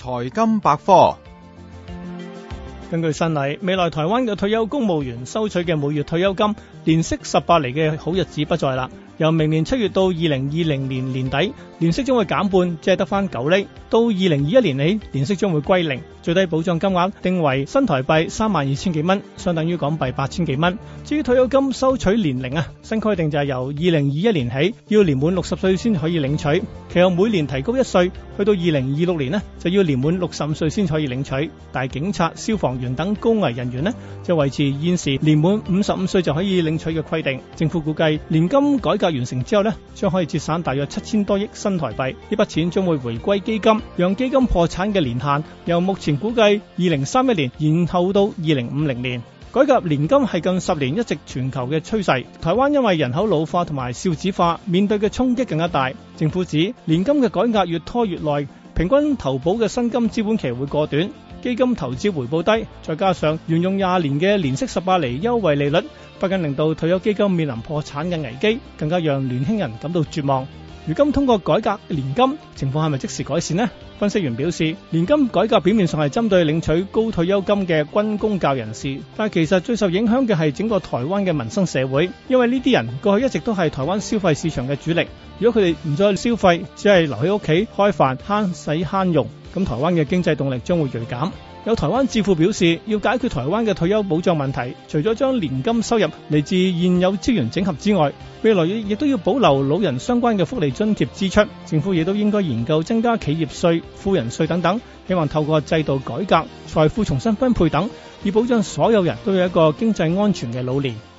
財金百科。根據新例，未來台灣嘅退休公務員收取嘅每月退休金，年息十八厘嘅好日子不再啦。由明年七月到二零二零年年底，年息將會減半，即只係得返九厘；到二零二一年起，年息將會歸零，最低保障金額定為新台幣三萬二千幾蚊，相等於港幣八千幾蚊。至於退休金收取年齡啊，新規定就係由二零二一年起，要年滿六十歲先可以領取，其後每年提高一歲，去到二零二六年呢，就要年滿六十五歲先可以領取。但係警察、消防員等高危人員呢，就維持現時年滿五十五歲就可以領取嘅規定。政府估計年金改革完成之後呢，將可以節省大約七千多億新台幣，呢筆錢將會回歸基金，讓基金破產嘅年限由目前估計二零三一年延後到二零五零年。改革年金係近十年一直全球嘅趨勢，台灣因為人口老化同埋少子化，面對嘅衝擊更加大。政府指年金嘅改革越拖越耐，平均投保嘅薪金資本期會過短，基金投資回報低，再加上沿用廿年嘅年息十八厘優惠利率，不僅令到退休基金面臨破產嘅危機，更加讓年輕人感到絕望。如今通過改革年金情況，係咪即時改善呢？分析員表示，年金改革表面上係針對領取高退休金嘅軍公教人士，但係其實最受影響嘅係整個台灣嘅民生社會，因為呢啲人過去一直都係台灣消費市場嘅主力。如果佢哋唔再消費，只係留喺屋企開飯、慳使慳用。咁台灣嘅經濟動力將會鋭減。有台灣智庫表示，要解決台灣嘅退休保障問題，除咗將年金收入嚟自現有資源整合之外，未來亦都要保留老人相關嘅福利津貼支出。政府亦都應該研究增加企業稅、富人稅等等，希望透過制度改革、財富重新分配等，以保障所有人都有一個經濟安全嘅老年。